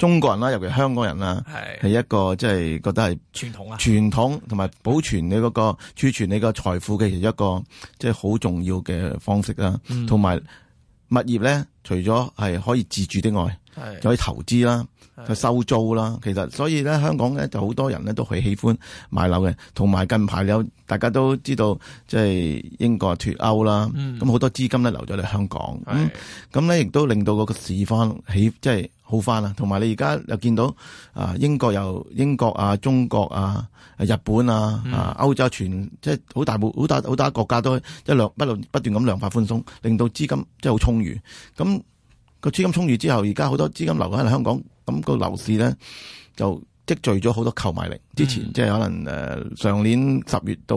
中國人啦，尤其香港人啦，係一個即係覺得係傳統啊，傳統同埋保存你嗰個儲存你個財富嘅，其實一個即係好重要嘅方式啦。同、嗯、埋物業咧，除咗係可以自住的外。係，可以投資啦，去收租啦。其實所以咧，香港咧就好多人咧都係喜歡買樓嘅。同埋近排有大家都知道，即係英國脱歐啦，咁，嗯，好多資金咧流咗嚟香港。咁咁咧亦都令到嗰個市況起，即係好翻啦。同埋你而家又見到啊，英國又英國啊，中國啊，日本啊，嗯，啊歐洲全即係好大部好大好大國家都一量、就是、不，不斷不斷咁量化寬鬆，令到資金即係好充裕。咁個資金充裕之後，而家好多資金流喺香港，咁、個樓市咧就積聚咗好多購買力。之前、嗯、即係可能誒、呃、上年十月到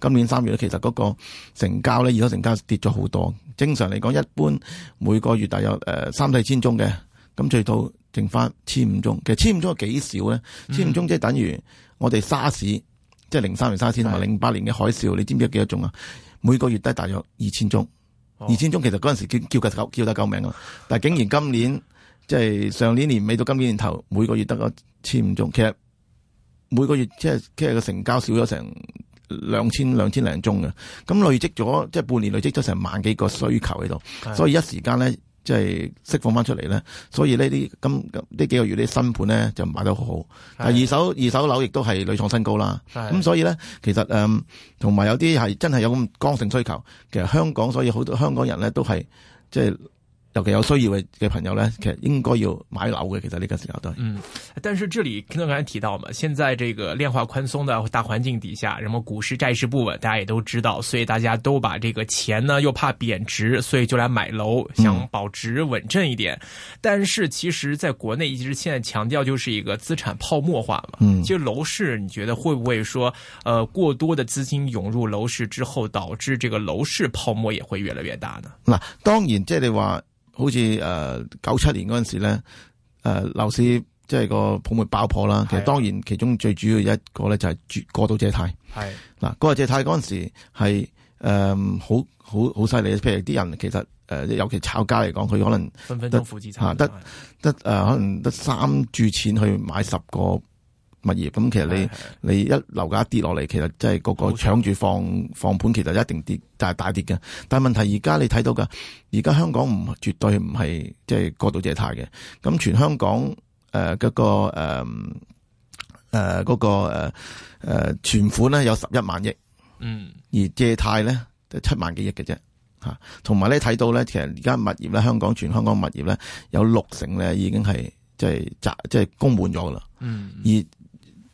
今年三月咧，其實嗰個成交咧二手成交跌咗好多。正常嚟講，一般每個月大約誒三四千宗嘅，咁最多剩翻千五宗。其實千五宗幾少咧？千五、嗯、宗即係等於我哋沙士，即係零三年沙士同埋零八年嘅海嘯。你知唔知幾多宗啊？每個月都係大約二千宗。二千宗，其實嗰陣時叫叫夠夠叫得救命啊！但係竟然今年即係上年年尾到今年年頭，每個月得個千五宗，其實每個月即係即係個成交少咗成兩千兩千零宗嘅，咁累積咗即係半年累積咗成萬幾個需求喺度，所以一時間咧。即係釋放翻出嚟咧，所以呢啲今呢幾個月啲新盤咧就賣得好好，但二手二手樓亦都係屢創新高啦。咁所以咧，其實誒同埋有啲係真係有咁剛性需求，其實香港所以好多香港人咧都係即係。就是尤其有需要嘅朋友呢，其實應該要買樓嘅。其實呢個時候都嗯，但是這裏聽到剛才提到嘛，現在這個量化寬鬆的大環境底下，然後股市債市不穩，大家也都知道，所以大家都把這個錢呢又怕貶值，所以就來買樓，想保值穩陣一點、嗯。但是其實在國內一直現在強調就是一個資產泡沫化嘛。嗯，其實樓市你覺得會不會說，呃過多的資金湧入樓市之後，導致這個樓市泡沫也會越來越大呢？嗱，當然即係你話。好似誒九七年嗰陣時咧，誒、呃、樓市即係個泡沫爆破啦。其實當然其中最主要一個咧就係過度借貸，係，嗱，過度借貸嗰陣時係好好好犀利。譬如啲人其實誒、呃、尤其炒家嚟講，佢可能分分鐘負資產得得誒、呃、可能得三注錢去買十個。物業咁，其實你是是是你一樓價跌落嚟，其實即係個個搶住放放盤，其實一定跌，但係大跌嘅。但係問題而家你睇到嘅，而家香港唔絕對唔係即係過度借貸嘅。咁、嗯嗯、全香港誒嗰、呃，那個誒誒、呃，那個誒誒存款咧有十一萬億，嗯，而借貸咧得七萬幾億嘅啫，吓。同埋咧睇到咧，其實而家物業咧，香港全香港物業咧有六成咧已經係即係集即係供滿咗噶啦，了了嗯，而。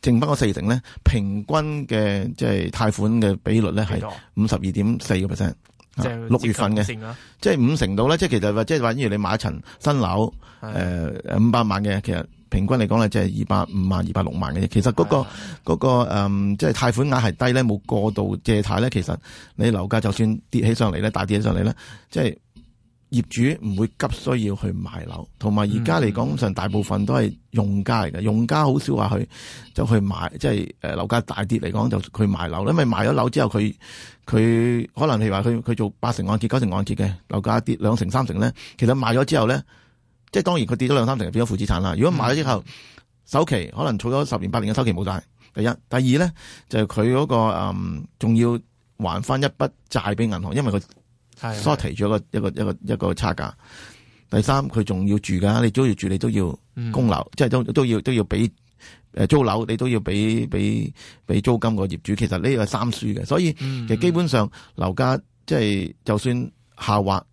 剩翻嗰四成咧，平均嘅即係貸款嘅比率咧係五十二點四個 percent，即係六月份嘅、啊，即係五成度啦。即係其實或即係話，例如你買一層新樓，誒五百萬嘅，其實平均嚟講咧，即係二百五萬、二百六萬嘅。其實嗰、嗰個嗰、嗰個即係、嗯即係、貸款額係低咧，冇過度借貸咧。其實你樓價就算跌起上嚟咧，大跌起上嚟咧，即係。業主唔會急需要去賣樓，同埋而家嚟講，上、嗯、大部分都係用家嚟嘅。用家好少話去就去買，即係誒，樓、呃、價大跌嚟講就去賣樓。因為賣咗樓之後，佢佢可能譬如話佢佢做八成按揭、九成按揭嘅，樓價跌兩成、三成咧，其實賣咗之後咧，即係當然佢跌咗兩三成，就變咗負資產啦。如果賣咗之後，嗯、首期可能儲咗十年八年嘅首期冇債，第一，第二咧就佢、是、嗰、那個誒，仲、嗯、要還翻一筆債俾銀行，因為佢。所提咗個一個一個，一個，一，個一個差價。第三，佢仲要住噶，你都要住，你都要供樓，嗯、即係都都要都要俾誒租樓，你都要俾俾俾租金個業主。其實呢個係三輸嘅，所以、嗯、其實基本上、嗯、樓價即係就算下滑。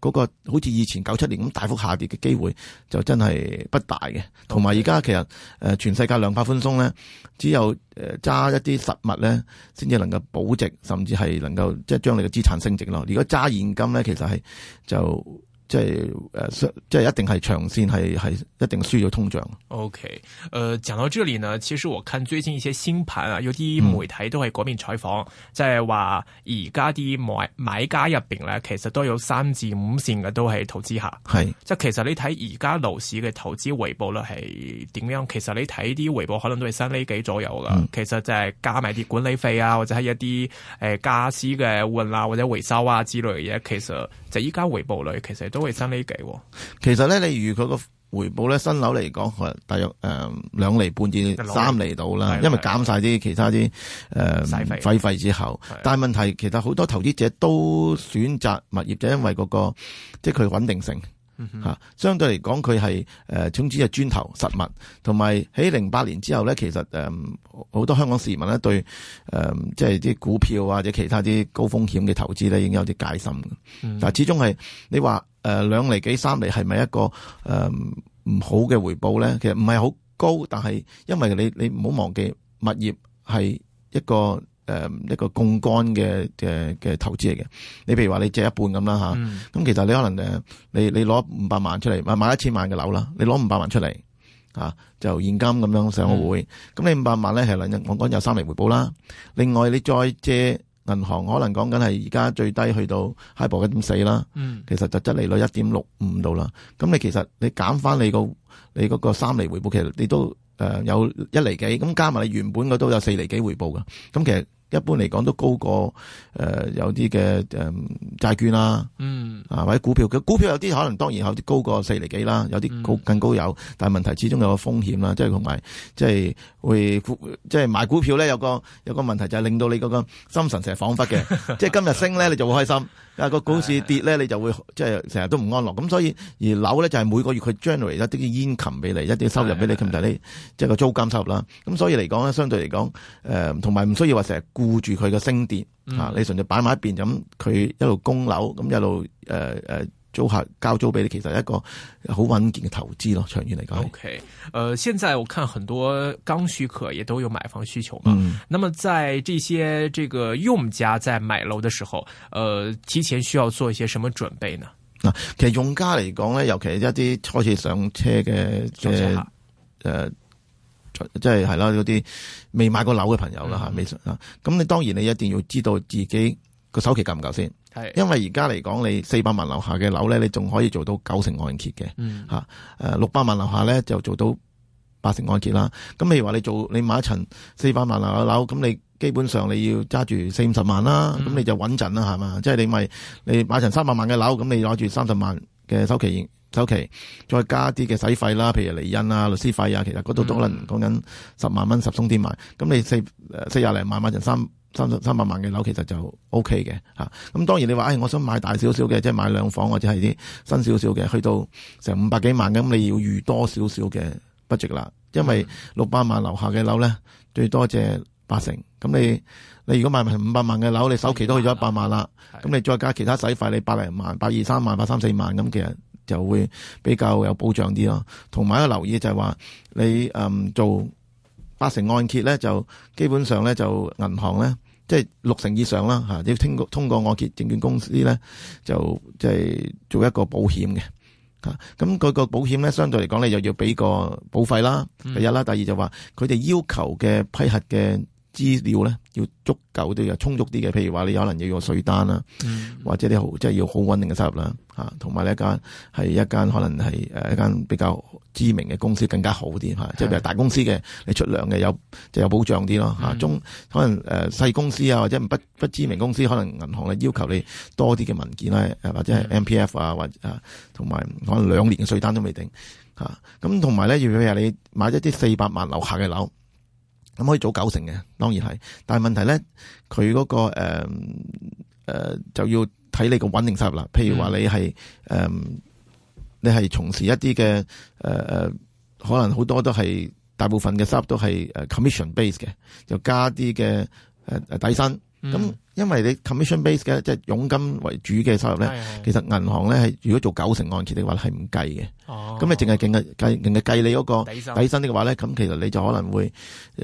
嗰、那個好似以前九七年咁大幅下跌嘅機會就真係不大嘅，同埋而家其實誒、呃、全世界量化寬鬆咧，只有誒揸、呃、一啲實物咧，先至能夠保值，甚至係能夠即係將你嘅資產升值咯。如果揸現金咧，其實係就。即係誒，即係一定係長線，係係一定輸咗通脹。O K，誒，講到這裡呢，其實我看最近一些新盤啊，有啲媒體都喺嗰邊採訪，即係話而家啲買買家入邊呢，其實都有三至五線嘅都係投資客。係，即係其實你睇而家樓市嘅投資回報率係點樣？其實你睇啲回報可能都係三厘幾左右噶、嗯。其實就係加埋啲管理費啊，或者係一啲誒家私嘅運啊，或者維修啊之類嘅嘢，其實。就依家回報率其實都係三厘幾，其實咧，例如佢個回報咧，新樓嚟講，大約誒兩厘半至三厘到啦，因為減晒啲其他啲誒廢廢之後，但係問題，其實好多投資者都選擇物業，就因為嗰個即係佢穩定性。吓、嗯、相對嚟講佢係誒，總之係磚頭實物，同埋喺零八年之後咧，其實誒好、呃、多香港市民咧對誒、呃、即係啲股票或者其他啲高風險嘅投資咧已經有啲戒心嘅、嗯。但係始終係你話誒、呃、兩厘幾、三厘係咪一個誒唔、呃、好嘅回報咧？其實唔係好高，但係因為你你唔好忘記，物業係一個。誒一個槓桿嘅嘅嘅投資嚟嘅，你譬如話你借一半咁啦，咁其實你可能你你攞五百萬出嚟買一千萬嘅樓啦，你攞五百萬出嚟就現金咁樣上個會，咁、嗯、你五百萬咧係兩日講有三厘回報啦，另外你再借銀行，可能講緊係而家最低去到 HIBOR 一點四啦，其實就質利率一點六五度啦，咁你其實你減翻你，你嗰個你嗰三厘回報，其實你都有一厘幾，咁加埋你原本嘅都有四厘幾回報嘅，咁其實。一般嚟講都高過誒、呃、有啲嘅誒債券啦，嗯啊或者股票，股票有啲可能當然有啲高過四厘幾啦，有啲高、嗯、更高有，但係問題始終有個風險啦，即係同埋即係會即係買股票咧有個有個問題就係令到你個心神成日恍惚嘅， 即係今日升咧你就會開心，啊 個股市跌咧你就會即係成日都唔安樂，咁所以而樓咧就係、是、每個月佢 generate 一啲啲 income 俾你，一啲收入俾你，咁就係你即係個租金收入啦，咁所以嚟講咧，相對嚟講誒同埋唔需要話成日。顧住佢嘅升跌，啊，你純粹擺埋一邊咁，佢一路供樓，咁一路誒誒、呃、租客交租俾你，其實係一個好穩健嘅投資咯，長遠嚟講。O K，誒，現在我看很多剛需客也都有買房需求嘛、嗯。那麼在這些這個用家在買樓的時候，誒、呃，提前需要做一些什麼準備呢？嗱、啊，其實用家嚟講咧，尤其係一啲開始上車嘅，坐下，誒、呃。即係係啦，嗰啲未買過樓嘅朋友啦嚇，咁你當然你一定要知道自己個首期夠唔夠先。係，因為而家嚟講，你四百萬樓下嘅樓咧，你仲可以做到九成按揭嘅。嗯、六百萬樓下咧就做到八成按揭啦。咁譬如話你做你買一層四百萬樓嘅樓，咁你基本上你要揸住四五十萬啦，咁你就穩陣啦，係、嗯、嘛？即係你咪你買一層三百萬嘅樓，咁你攞住三十萬。嘅首期首期，再加啲嘅使費啦，譬如厘印啊、律師費啊，其實嗰度都可能講緊、嗯、十萬蚊十鬆啲埋。咁你四四廿零萬買成三三十三百萬嘅樓，其實就 O K 嘅吓。咁、啊、當然你話，哎，我想買大少少嘅，即係買兩房或者係啲新少少嘅，去到成五百幾萬咁，你要預多少少嘅 budget 啦？因為六百萬樓下嘅樓咧，最多借八成，咁你。你如果買埋五百萬嘅樓，你首期都去咗一百萬啦，咁你再加其他使費，你百零萬、百二三萬、百三四萬咁，其實就會比較有保障啲咯。同埋一個留意就係話，你誒、嗯、做八成按揭咧，就基本上咧就銀行咧，即係六成以上啦嚇，你要通過通過按揭證券公司咧，就即係做一個保險嘅。嚇，咁佢個保險咧，相對嚟講咧，你又要俾個保費啦，第一啦，第二就話佢哋要求嘅批核嘅。資料咧要足夠啲啊，充足啲嘅。譬如話，你可能要用稅單啦、嗯，或者你好即係要好穩定嘅收入啦。嚇、啊，同埋呢一間係一間可能係誒一間比較知名嘅公司更加好啲嚇，即係譬如大公司嘅，你出糧嘅有就有保障啲咯嚇。中可能誒細、呃、公司啊，或者不不知名公司，嗯、可能銀行嘅要求你多啲嘅文件啦，誒或者係 M P F 啊，或者 MPF 啊同埋、啊、可能兩年嘅稅單都未定嚇。咁同埋咧，要譬如你買一啲四百萬樓下嘅樓。咁、嗯、可以做九成嘅，當然係。但係問題咧，佢嗰、嗰個誒、呃呃、就要睇你個穩定收入啦。譬如話你係誒、呃、你係從事一啲嘅誒誒可能好多都係大部分嘅收入都係誒 commission base 嘅，就加啲嘅誒誒底薪。咁、嗯，因為你 commission base 嘅即係、就是、佣金為主嘅收入咧、嗯，其實銀行咧係如果做九成按揭嘅話係唔計嘅。哦，咁你淨係淨係計淨係計你嗰個底薪底薪嘅話咧，咁、哦、其實你就可能會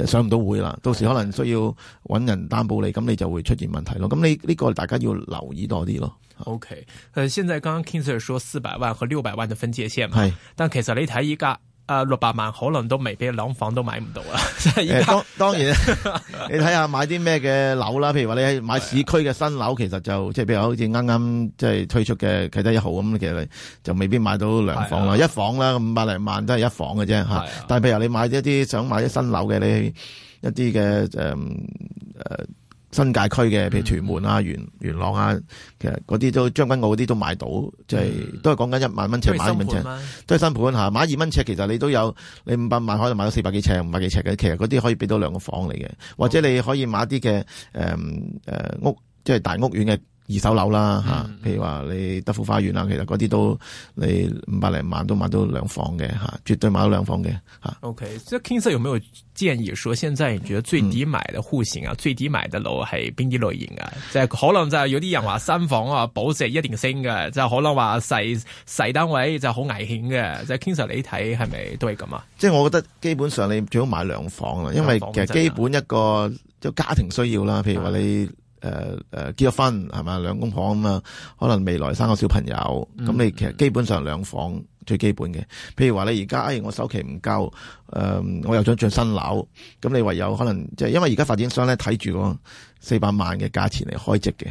上唔、嗯、到會啦、嗯。到時可能需要搵人擔保你，咁、嗯、你就會出現問題咯。咁呢呢個大家要留意多啲咯。OK，誒、呃，現在剛剛 King Sir 說四百萬和六百萬嘅分界線係但其實你睇依家。啊、呃，六百萬可能都未必兩房都買唔到啦。當當然， 你睇下買啲咩嘅樓啦，譬如話你買市區嘅新樓，其實就即係譬如好似啱啱即係推出嘅啟德一號咁，其實就未必買到兩房啦，啊、一房啦五百零萬都係一房嘅啫吓。啊、但係譬如你買咗一啲想買啲新樓嘅，你一啲嘅誒誒。呃新界區嘅，譬如屯門啊、元元朗啊，其實嗰啲都將軍澳嗰啲都買到，即係都係講緊一萬蚊尺買一蚊尺，都係新盤。下買二蚊尺，其實你都有，你五百萬可能買到四百幾尺、五百幾尺嘅。其實嗰啲可以俾到兩個房嚟嘅，或者你可以買啲嘅誒屋，即係大屋苑嘅。二手樓啦，譬如話你德富花園啊、嗯，其實嗰啲都你五百零萬都買到兩房嘅，絕對買到兩房嘅。OK，即係 King Sir 有冇建議，說現在你覺得最抵買嘅戶型啊、嗯，最抵買嘅樓係邊啲類型啊？就係、是、可能就有啲人話三房啊，保值一定升嘅，就可能話細細單位就好危險嘅。就係 King Sir 你睇係咪都係咁啊？即、就、係、是、我覺得基本上你最好買兩房啦，因為其實基本一個家庭需要啦，譬如話你。誒誒結咗婚係咪？兩公婆咁啊？可能未來生個小朋友咁，mm-hmm. 你其實基本上兩房最基本嘅。譬如話你而家、哎、我首期唔夠，誒、uh, 我又想轉新樓，咁你唯有可能即係、就是、因為而家發展商咧睇住四百萬嘅價錢嚟開即嘅。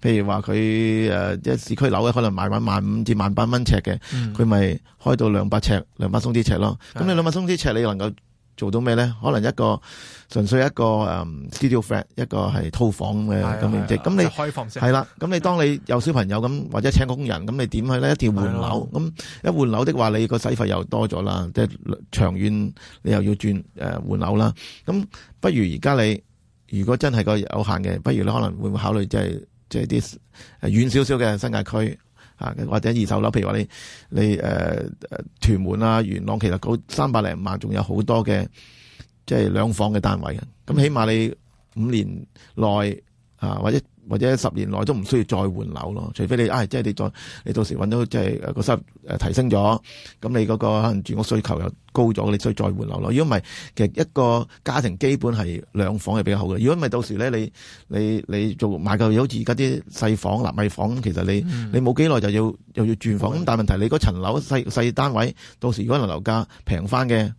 譬如話佢誒即係市區樓嘅，可能賣翻萬五至萬八蚊尺嘅，佢、mm-hmm. 咪開到兩百尺、兩百鬆啲尺咯。咁你兩百鬆啲尺、yeah. 你能夠？做到咩咧？可能一個純粹一個誒 studio flat，一個係套房嘅咁面積咁，你係啦。咁你當你有小朋友咁，或者請個工人咁，你點去咧？一定要換樓咁，一換樓的話，你個使費又多咗啦，即係長遠你又要轉誒、呃、換樓啦。咁不如而家你如果真係個有限嘅，不如你可能會唔考慮即係即係啲遠少少嘅新界區。啊，或者二手樓，譬如話你你誒誒屯門啊、元朗，其實嗰三百零萬仲有好多嘅，即係兩房嘅單位，咁起碼你五年內啊或者。或者十年內都唔需要再換樓咯，除非你，唉、啊，即係你再，你到時揾到即係個收入提升咗，咁你嗰、那個可能住屋需求又高咗，你需要再換樓咯。如果唔係，其實一個家庭基本係兩房係比較好嘅。如果唔係到時咧，你你你做買嚿嘢好似而家啲細房、納米房，其實你、嗯、你冇幾耐就要又要轉房。咁、嗯、但係問題你嗰層樓細細單位，到時如果樓價平翻嘅。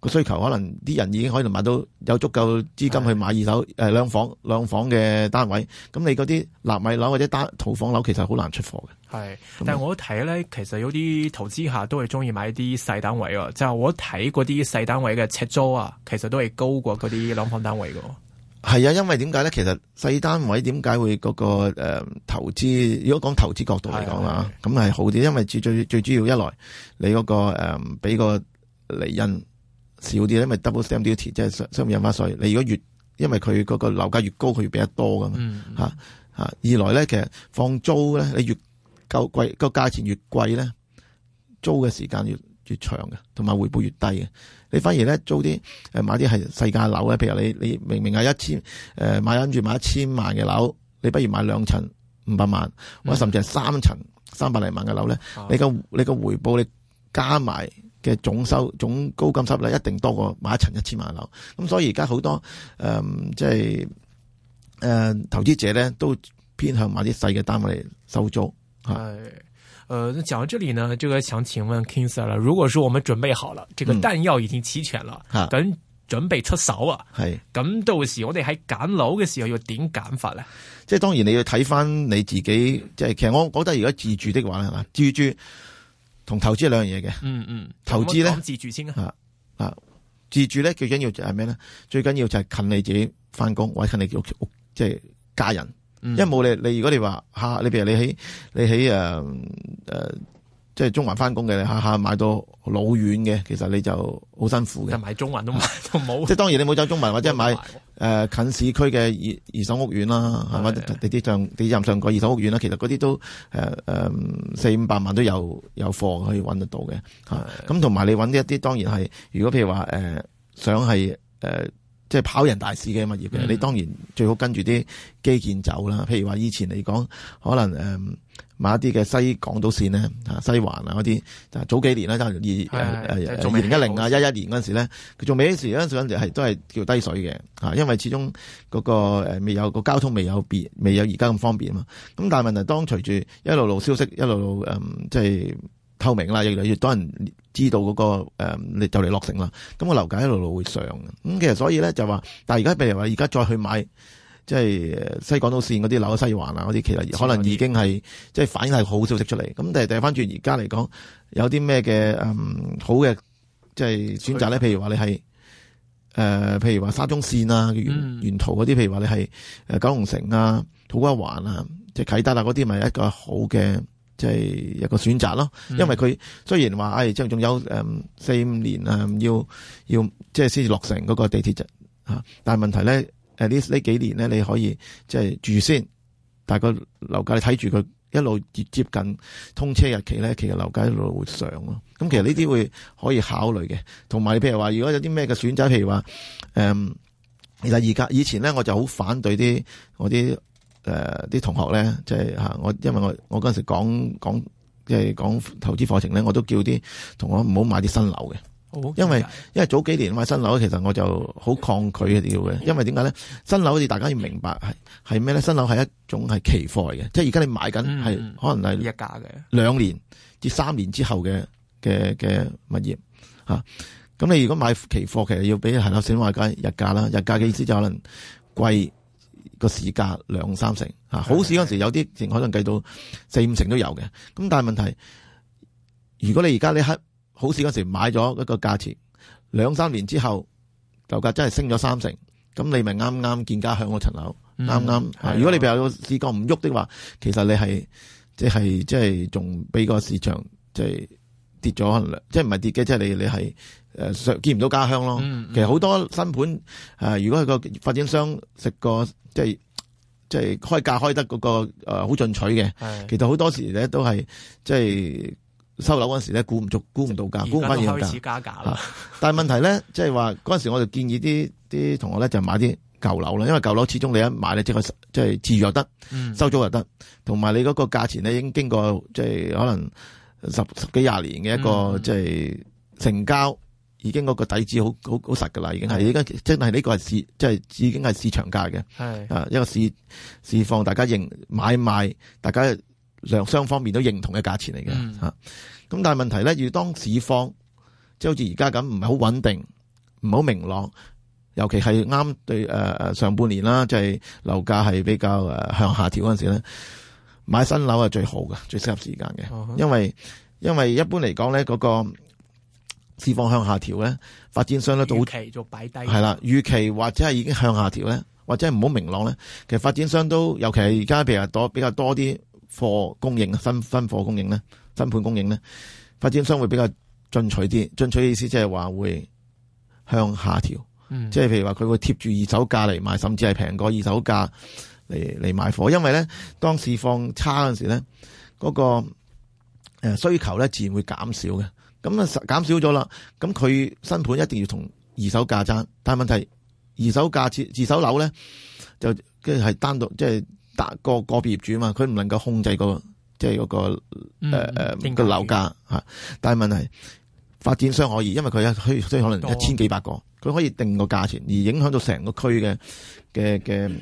個需求可能啲人已經可以嚟買到有足夠資金去買二手誒兩、呃、房兩房嘅單位，咁你嗰啲納米樓或者單套房樓其實好難出貨嘅。係，但係我睇咧，其實有啲投資客都係中意買啲細單位嘅，就係、我睇嗰啲細單位嘅尺租啊，其實都係高過嗰啲兩房單位嘅。係啊，因為點解咧？其實細單位點解會嗰、嗰個誒、嗯、投資？如果講投資角度嚟講啦，咁係、啊、好啲，因為最最最主要一來，你嗰、嗰個誒俾、嗯、個離因。少啲，因為 double stamp duty 即係雙雙倍印花稅。你如果越，因為佢個樓價越高，佢越俾得多噶嘛，嚇，二來咧，其實放租咧，你越夠貴個價錢越貴咧，租嘅時間越越長嘅，同埋回報越低嘅。你反而咧租啲買啲係細價樓咧，譬如你你明明係一千、呃、買跟住買一千萬嘅樓，你不如買兩層五百萬，或者甚至係三層三百零萬嘅樓咧，嗯，你你個回報你加埋。嘅總收總高金收入一定多過買一層一千萬樓，咁所以而家好多誒即係誒投資者咧都偏向買啲細嘅單位嚟收租。誒、哎，誒、呃，講到呢度呢，就、這個、想請問 King Sir 啦，如果說我哋準備好啦，這個彈藥已經齊全啦，咁、嗯啊、準備出手啊，係，咁到時我哋喺揀樓嘅時候要點揀法呢？即係、就是、當然你要睇返你自己，即、就、係、是、其實我覺得而家自住的話係嘛，自住。同投資兩樣嘢嘅，嗯嗯，投資咧自住先啊，啊自住咧最緊要就係咩咧？最緊要就係近你自己翻工，或者近你屋企屋即係家人，嗯、因為冇你你如果你話你譬，啊、如你喺你喺誒誒即係中環翻工嘅，你下下、啊啊、買到老遠嘅，其實你就好辛苦嘅。就買中環都買都冇，即 係當然你冇走中環或者買。誒、呃、近市區嘅二二手屋苑啦，係咪是的 地鐵上地鐵站上過二手屋苑啦，其實嗰啲都誒誒、呃、四五百萬都有有貨可以揾得到嘅嚇。咁同埋你揾呢一啲當然係，如果譬如話誒、呃、想係誒。呃即係跑人大市嘅物業嘅，你當然最好跟住啲基建走啦。譬如話以前嚟講，可能誒、嗯、買一啲嘅西港島線咧、西環啊嗰啲，就早幾年啦，就二誒二零一零啊、一一、uh, uh, 年嗰陣時咧，佢仲未嗰時咧，最緊要係都係叫低水嘅，因為始終嗰個未有、嗰個交通未有，有便，未有而家咁方便啊嘛。咁但係問題當隨住一路路消息，一路路誒即係。嗯就是透明啦，越嚟越多人知道嗰、那個你、嗯、就嚟落成啦。咁個樓價一路路會上嘅。咁、嗯、其實所以咧就話，但係而家譬如話，而家再去買即係、就是、西港島線嗰啲樓、西環啊嗰啲，其實可能已經係即係反映係好消息出嚟。咁、嗯、但係掉翻轉而家嚟講，有啲咩嘅嗯好嘅即係選擇咧？譬如話你係誒、呃，譬如話沙中線啊、沿沿途嗰啲、嗯，譬如話你係九龍城啊、土瓜灣啊、即、就、係、是、啟德啊嗰啲，咪一個好嘅。即、就、係、是、一個選擇咯，因為佢雖然話，唉、哎，即係仲有誒四五年啊、嗯，要要即係先至落成嗰個地鐵站嚇，但係問題咧，誒呢呢幾年咧，你可以即係、就是、住先，但係個樓價你睇住佢一路越接近通車日期咧，其實樓價一路會上咯。咁其實呢啲會可以考慮嘅，同埋譬如話，如果有啲咩嘅選擇，譬如話誒、嗯，其實而家以前咧，我就好反對啲嗰啲。誒、呃，啲同學咧，即係吓我，因為我我嗰陣時講講即係講，講投資課程咧，我都叫啲同學唔好買啲新樓嘅、嗯，因為，、嗯、因，為因為早幾年買新樓，其實我就好抗拒嘅要嘅，因為點解咧？新樓好似大家要明白係係咩咧？新樓係一種係期貨嘅，即係而家你在買緊係、嗯、可能係日價嘅，兩年至三年之後嘅嘅嘅物業吓，咁、啊、你如果買期貨，其實要比係樓市話價日價啦，日價嘅意思就可能貴。個市價兩三成啊，好市嗰時有啲可能計到四五成都有嘅。咁但係問題，如果你而家你喺好市嗰時買咗一個價錢，兩三年之後樓價真係升咗三成，咁你咪啱啱見價向咗層樓，啱、嗯、啱。如果你譬如個市況唔喐的話的，其實你係即係即係仲俾個市場即係跌咗，可能即係唔係跌嘅，即係你你係。誒見唔到家鄉囉、嗯嗯。其實好多新盤誒、呃，如果係個發展商食個即係即係開價開得嗰、那個誒好、呃、進取嘅，其實好多時呢都係即係收樓嗰時呢估唔足估唔到價，估唔翻要價、啊。但係問題呢，即係話嗰陣時我就建議啲啲同學呢就買啲舊樓啦，因為舊樓始終你一買呢，即係即係自住又得、嗯，收租又得，同埋你嗰個價錢呢已經經過即係可能十十幾廿年嘅一個、嗯、即係成交。已經嗰個底子好好好實噶啦，已經係而家即係呢個係市即係已經係市場價嘅，係啊一個市市況，大家認買賣，大家兩雙方面都認同嘅價錢嚟嘅吓。咁、嗯啊、但係問題咧，要當市況即係好似而家咁唔係好穩定，唔好明朗，尤其係啱對誒誒、呃、上半年啦，即係樓價係比較誒、呃、向下調嗰陣時咧，買新樓係最好嘅，最適合時間嘅、哦，因為因為一般嚟講咧嗰個。市況向下調咧，發展商咧都會繼續擺低，係啦，預期或者係已經向下調咧，或者係唔好明朗咧。其實發展商都，尤其係而家，譬如話多比較多啲貨供應，新新貨供應咧，新盤供應咧，發展商會比較進取啲。進取嘅意思即係話會向下調，嗯、即係譬如話佢會貼住二手價嚟賣，甚至係平過二手價嚟嚟賣貨。因為咧，當市況差嗰時咧，嗰、那個需求咧自然會減少嘅。咁啊，減少咗啦。咁佢新盤一定要同二手價爭，但係問題二手價設二手樓咧，就即係單獨即係個個別業主啊嘛，佢唔能夠控制個即係嗰個誒誒個樓價吓。但係問題發展商可以，因為佢一區即係可能一千幾百個，佢可以定個價錢，而影響到成個區嘅嘅嘅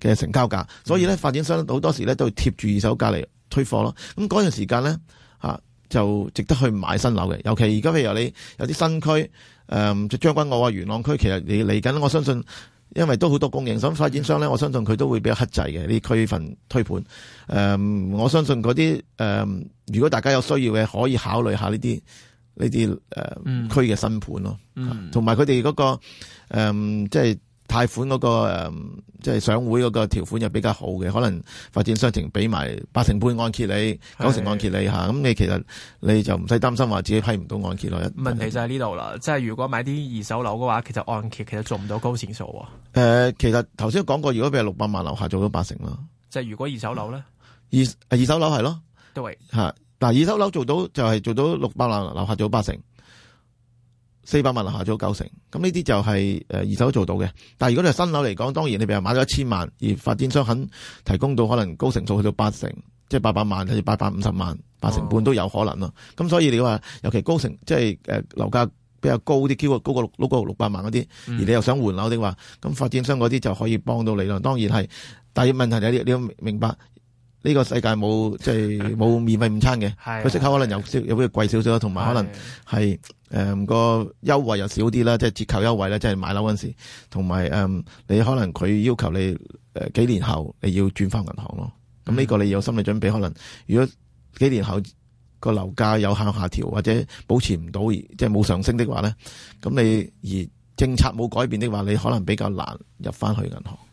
嘅成交價。嗯、所以咧，發展商好多時咧都會貼住二手價嚟推貨咯。咁嗰段時間咧吓就值得去買新樓嘅，尤其而家譬如你有啲新區，即、嗯、將軍澳啊、元朗區，其實你嚟緊，我相信因為都好多供應，所以發展商咧，我相信佢都會比較克制嘅呢區份推盤。誒、嗯，我相信嗰啲誒，如果大家有需要嘅，可以考慮下呢啲呢啲誒區嘅新盤咯。同埋佢哋嗰個、嗯、即係。貸款嗰、那個、嗯、即係上會嗰個條款又比較好嘅，可能發展商情俾埋八成半按揭你，九成按揭你吓，咁、嗯、你其實你就唔使擔心話自己批唔到按揭咯。問題就喺呢度啦，即係如果買啲二手樓嘅話，其實按揭其實做唔到高錢數喎。其實頭先講過，如果俾六百萬樓下做到八成啦。即、就、係、是、如果二手樓咧，二二手樓係咯，都係吓。嗱，二手樓做到就係做到六百萬樓下做到八成。四百萬樓下咗九成，咁呢啲就係二手做到嘅。但係如果你係新樓嚟講，當然你譬如買咗一千萬，而發展商肯提供到可能高成數去到八成，即係八百萬甚至八百五十萬，八成半都有可能咯。咁、哦、所以你話，尤其高成即係誒樓價比較高啲，超過高過六高六百萬嗰啲，而你又想換樓的話，咁、嗯、發展商嗰啲就可以幫到你啦，當然係，第二問題你你明白。呢個世界冇即係冇免費午餐嘅，佢息的口可能有少的有啲貴少少，同埋可能係誒個優惠又少啲啦，即係折扣優惠咧，即係買樓嗰陣時。同埋誒，你可能佢要求你誒、呃、幾年後你要轉翻銀行咯。咁呢個你要有心理準備。可能如果幾年後個樓價有向下調或者保持唔到，即係冇上升的話咧，咁你而政策冇改變的話，你可能比較難入翻去銀行。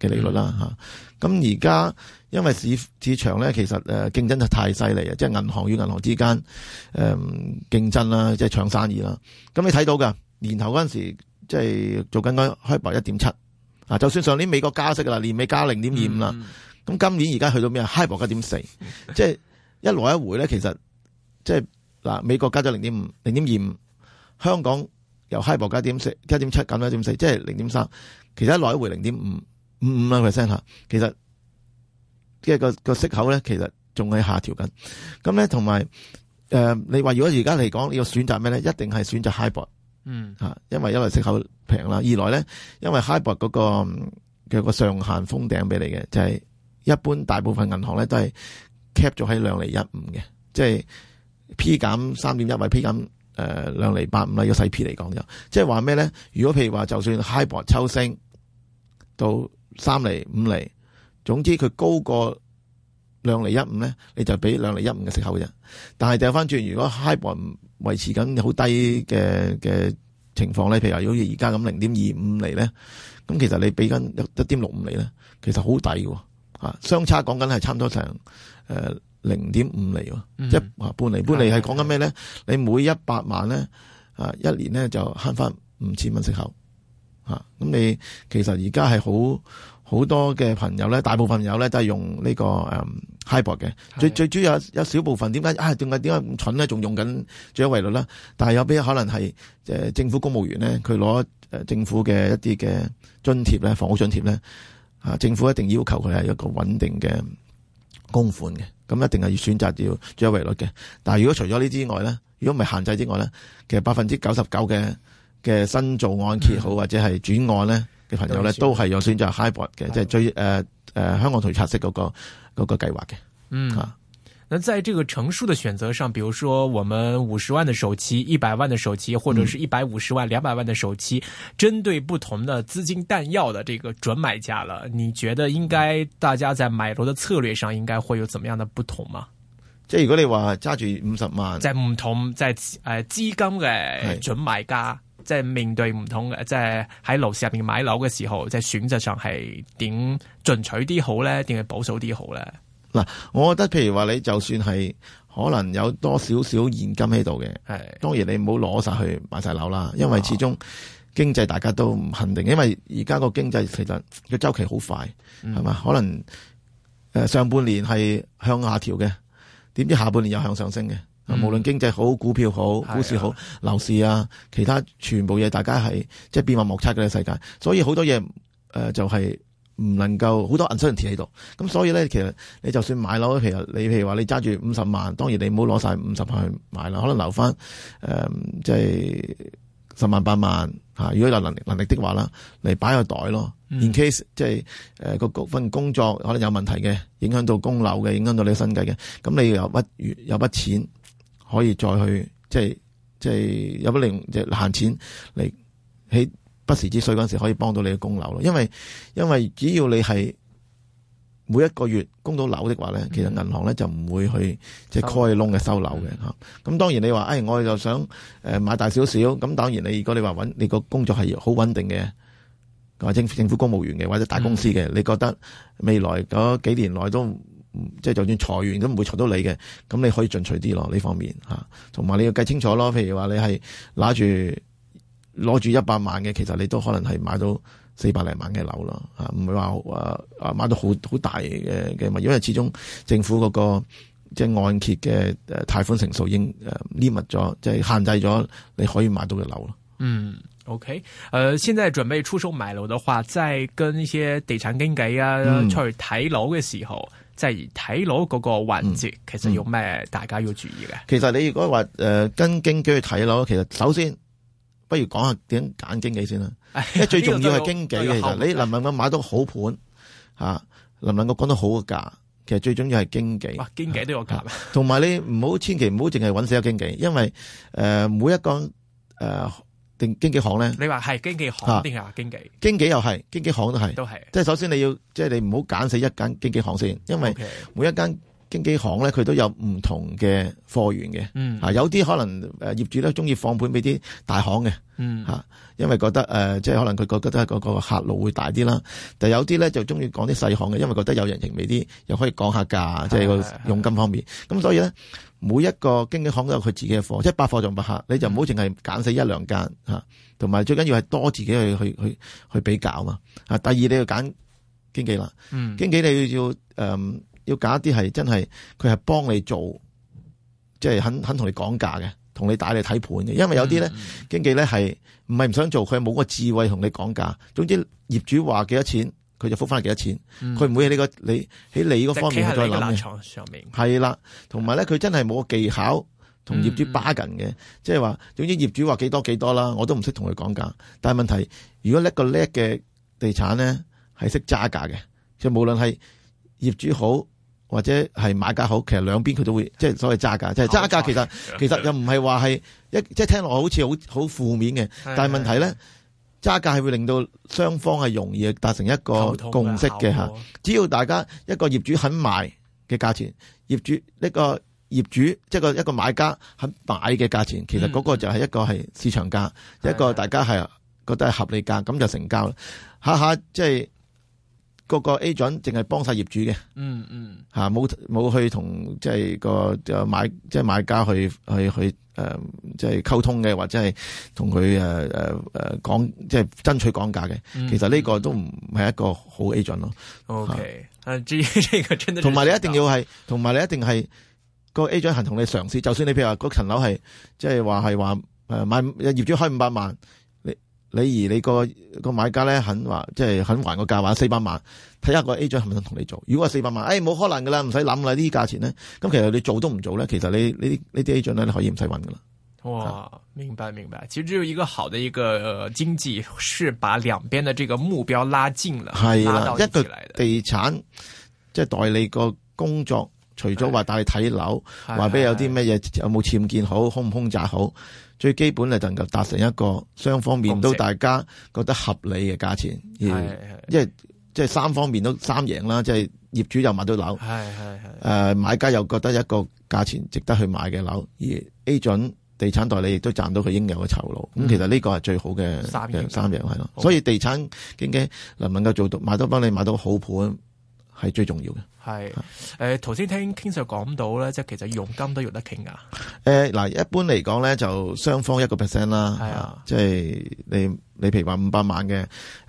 嘅利率啦嚇，咁而家因為市市場咧，其實誒競爭就太犀利啊，即係銀行與銀行之間誒競爭啦，即係搶生意啦。咁你睇到嘅年頭嗰陣時，即係做緊嗰 high 一點七啊，就算上年美國加息啦，年尾加零點二五啦，咁今年而家去到咩啊 high 博一點四，即係 一來一回咧，其實即係嗱美國加咗零點五零點二五，香港由 high 加點四一點七減到一點四，即係零點三，其實一來一回零點五。五五啊 percent 吓，其實即係個個息口咧，其實仲喺下調緊。咁咧，同埋誒，你話如果而家嚟講，你要選擇咩咧？一定係選擇 high 博，嗯吓，因為一嚟息口平啦，二來咧，因為 high 博嗰個嘅個上限封頂畀你嘅，就係一般大部分銀行咧都係 cap 咗喺兩厘一五嘅，即係 P 減三點一或，P 減誒兩厘八五啦，要細 P 嚟講就，即係話咩咧？如果譬如話，就算 high 博抽升到。三厘五厘，總之佢高過兩厘一五咧，你就俾兩厘一五嘅息口啫。但係掉翻轉，如果 HIBOR 維持緊好低嘅嘅情況咧，譬如話好似而家咁零點二五厘咧，咁其實你俾緊一一點六五厘咧，其實好抵，吓、啊、相差講緊係差唔多成誒零點五厘，即、呃、係、嗯、半厘半厘係講緊咩咧？你每一百萬咧，啊一年咧就慳翻五千蚊息口。咁、啊、你其實而家係好好多嘅朋友咧，大部分友咧都係用呢、這個誒 HIBOR 嘅。最、嗯、最主要有一小部分點解啊？點解點解咁蠢咧？仲用緊最優惠率啦！但係有啲可能係、呃、政府公務員咧，佢攞政府嘅一啲嘅津貼咧，房屋津貼咧，啊政府一定要求佢係一個穩定嘅供款嘅，咁一定係要選擇要最優惠率嘅。但係如果除咗呢啲之外咧，如果唔係限制之外咧，其實百分之九十九嘅。嘅新做按揭好，或者係轉按呢嘅朋友呢、嗯，都係有選擇 hybrid 嘅，即係最誒誒香港同業拆息嗰、那個嗰、那個計劃嘅。嗯，啊，那在這個成數嘅選擇上，比如說我們五十萬嘅首期、一百萬嘅首期，或者是一百五十萬、兩百萬嘅首期，嗯，針對不同的資金彈藥嘅這個準買家了，你覺得應該大家在買樓嘅策略上應該會有怎麼樣嘅不同嗎？即係如果你話揸住五十萬，即係唔同，就係誒資金嘅準買家。即、就、係、是、面對唔同嘅，即係喺樓市入邊買樓嘅時候，即係選擇上係點進取啲好咧，定係保守啲好咧？嗱，我覺得譬如話你就算係可能有多少少現金喺度嘅，係當然你唔好攞晒去買晒樓啦，因為始終經濟大家都唔肯定，因為而家個經濟其實個周期好快，係、嗯、嘛？可能誒上半年係向下調嘅，點知下半年又向上升嘅。嗯、無論經濟好、股票好、股市好、樓市啊，其他全部嘢，大家係即係變幻莫測嘅世界，所以好多嘢誒、呃、就係、是、唔能夠好多 uncertainty 喺度。咁所以咧，其實你就算買樓，其實你譬如話你揸住五十萬，當然你唔好攞晒五十萬去買啦，可能留翻誒即係十萬八萬嚇、啊。如果有能能力的話啦，嚟擺個袋咯、嗯，in case 即係誒個份工作可能有問題嘅，影響到供樓嘅，影響到你嘅生計嘅，咁你有筆餘有筆錢。可以再去即係即係有不利用即係閒錢嚟喺不時之需嗰陣時可以幫到你嘅供樓咯，因為因為只要你係每一個月供到樓的話咧、嗯，其實銀行咧就唔會去即係開窿嘅收樓嘅吓咁、嗯、當然你話誒、哎，我就想、呃、買大少少，咁當然你如果你話搵你個工作係好穩定嘅，或政府政府公務員嘅或者大公司嘅、嗯，你覺得未來嗰幾年內都即係就算裁員，都唔會裁到你嘅。咁你可以進取啲咯呢方面嚇，同埋你要計清楚咯。譬如話你係攞住攞住一百萬嘅，其實你都可能係買到四百零萬嘅樓咯嚇，唔係話誒誒買到好好大嘅嘅物，因為始終政府嗰、那個即係按揭嘅貸款成數應匿、呃、密咗，即係限制咗你可以買到嘅樓咯。嗯，OK，誒、呃，現在準備出手買樓嘅話，再跟一些地產經紀啊、嗯、去睇樓嘅時候。即係睇樓嗰個環節，其實有咩？大家要注意嘅、嗯嗯。其實你如果話誒、呃、跟經紀去睇樓，其實首先不如講下點揀經紀先啦。哎、最重要係經紀、哎這個、其實你能唔能夠買到好盤吓、啊，能唔能夠講到好嘅價、啊，其實最重要係經紀。哇，經紀都有夾，同埋你唔好千祈唔好淨係搵死個經紀，因為誒、呃、每一個誒。呃定經紀行咧？你話係經紀行定係經紀？經紀又係，經紀行都係，都係。即係首先你要，即係你唔好揀死一間經紀行先，因為每一間經紀行咧，佢都有唔同嘅貨源嘅、嗯。啊，有啲可能誒業主咧中意放盤俾啲大行嘅，嗯吓、啊，因為覺得誒、呃，即係可能佢覺得嗰個客路會大啲啦。但有啲咧就中意講啲細行嘅，因為覺得有人情味啲，又可以講下價，即係個佣金方面。咁、嗯、所以咧。每一個經紀行都有佢自己嘅貨，即係百貨同百客，你就唔好淨係揀死一兩間嚇，同、嗯、埋最緊要係多自己去去去去比較嘛嚇。第二你要揀經紀啦、嗯，經紀你要誒、嗯、要揀一啲係真係佢係幫你做，即係肯肯同你講價嘅，同你打你睇盤嘅，因為有啲咧經紀咧係唔係唔想做，佢係冇個智慧同你講價，總之業主話幾多錢。佢就覆返幾多錢？佢、嗯、唔會喺你個你喺你嗰方面去再諗嘅。係啦，同埋咧，佢真係冇技巧同業主 bargain 嘅，即係話總之業主話幾多幾多啦，我都唔識同佢講價。但係問題，如果叻個叻嘅地產咧係識揸價嘅，即係無論係業主好或者係買家好，其實兩邊佢都會、嗯、即係所謂揸價，即係揸價其、嗯嗯。其實其實又唔係話係一即聽落好似好好負面嘅，但問題咧。加價係會令到雙方係容易達成一個共識嘅吓，只要大家一個業主肯賣嘅價錢，業主一個業主即係一個買家肯買嘅價錢，其實嗰個就係一個係市場價，嗯就是、一個大家係覺得係合理價，咁就成交啦。下下即係。各個個 agent 淨係幫晒業主嘅，嗯嗯，吓冇冇去同即係個買即係買家去去去誒、呃，即係溝通嘅，或者係同佢誒誒誒講，即係爭取講價嘅。其實呢個都唔係一個好 agent 咯。O、嗯、K，啊，至於呢、這個真，同埋你一定要係，同 埋你一定係 個 agent 行同你嘗試。就算你譬如話嗰層樓係即係話係話誒買業主開五百萬。你而你個個買家咧肯話，即係肯還個價話四百萬，睇下個 agent 係咪肯同你做？如果四百萬，誒、哎，冇可能噶啦，唔使諗啦，價呢啲價錢咧。咁其實你做都唔做咧，其實你呢啲呢啲 agent 咧，你你可以唔使搵噶啦。哇、哦，明白明白。其實只有一個好的一個經濟，是把兩邊的這個目標拉近了，拉啦一起一個地產即係、就是、代理個工作，除咗話帶你睇樓，話俾你有啲咩嘢，有冇僭建好，空唔空宅好。最基本咧，就能夠達成一個雙方面都大家覺得合理嘅價錢，而即係即係三方面都三贏啦，即係業主又買到樓，係係係，誒，買家又覺得一個價錢值得去買嘅樓，而 A 準地產代理亦都賺到佢應有嘅酬勞。咁其實呢個係最好嘅三贏，三贏係咯。所以地產經紀能唔能夠做到買到幫你買到好盤。係最重要嘅，係誒，頭、呃、先聽傾就講到咧，即係其實佣金都有得傾噶。誒，嗱，一般嚟講咧，就雙方一個 percent 啦，係啊，啊，即、就、係、是、你你譬如話五百萬嘅誒、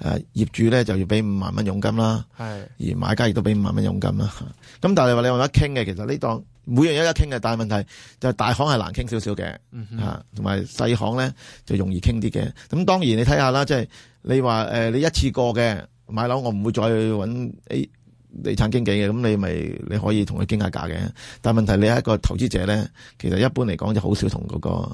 啊、業主咧，就要俾五萬蚊佣金啦，係、啊，而買家亦都俾五萬蚊佣金啦。咁、啊、但係你話你有得傾嘅，其實呢檔每樣嘢都有得傾嘅，但係問題就係大行係難傾少少嘅，吓、嗯啊，同埋細行咧就容易傾啲嘅。咁當然你睇下啦，即、就、係、是、你話誒、呃，你一次過嘅買樓，我唔會再搵 A。欸地產經紀嘅，咁你咪你可以同佢傾下價嘅。但係問題你係一個投資者咧，其實一般嚟講就好少同嗰、那個誒、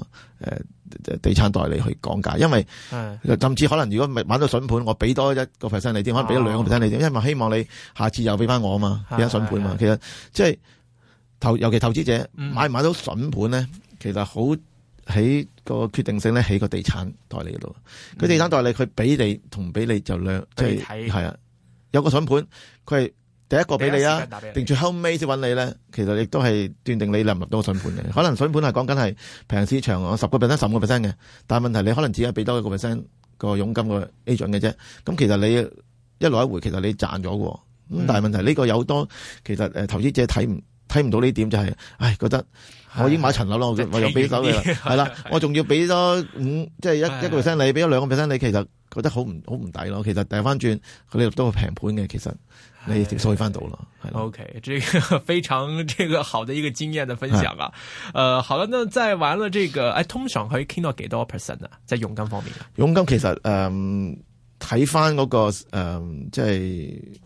呃、地產代理去講價，因為、嗯、甚至可能如果咪買到筍盤，我俾多一個 percent 你添，可能俾兩個 percent 你添，因為希望你下次又俾翻我啊嘛，俾筍盤嘛。其實即係投，尤其投資者買唔買到筍盤咧，嗯、其實好喺個決定性咧喺個地產代理嗰度。佢地產代理佢俾你同唔俾你就兩、是，即係係啊，有個筍盤佢係。第一個俾你啊，定住後尾先揾你咧，其實亦都係斷定你能唔入到個筍盤嘅。 可能筍盤係講緊係平市場，十個 percent 十五個 percent 嘅。但係問題你可能只係俾多一個 percent 個佣金嘅 agent 嘅啫。咁其實你一來一回，其實你賺咗嘅。咁、嗯、但係問題呢個有多，其實誒投資者睇唔睇唔到呢點就係、是，唉，覺得我已經買層樓啦，我又俾手嘅，係啦，我仲要俾多五，即係一一個 percent 你俾咗兩個 percent 你， 其實覺得好唔好唔抵咯。其實調翻轉佢哋入到個平盤嘅，其實。你可以翻到啦，係啦。O、okay, K，這個非常這個好的一個經驗的分享啊。呃，好了，那再玩了這個，哎，通常可以傾到幾多 percent 啊？即係佣金方面、啊、用佣金其實，誒、嗯，睇翻嗰個，誒、嗯，即係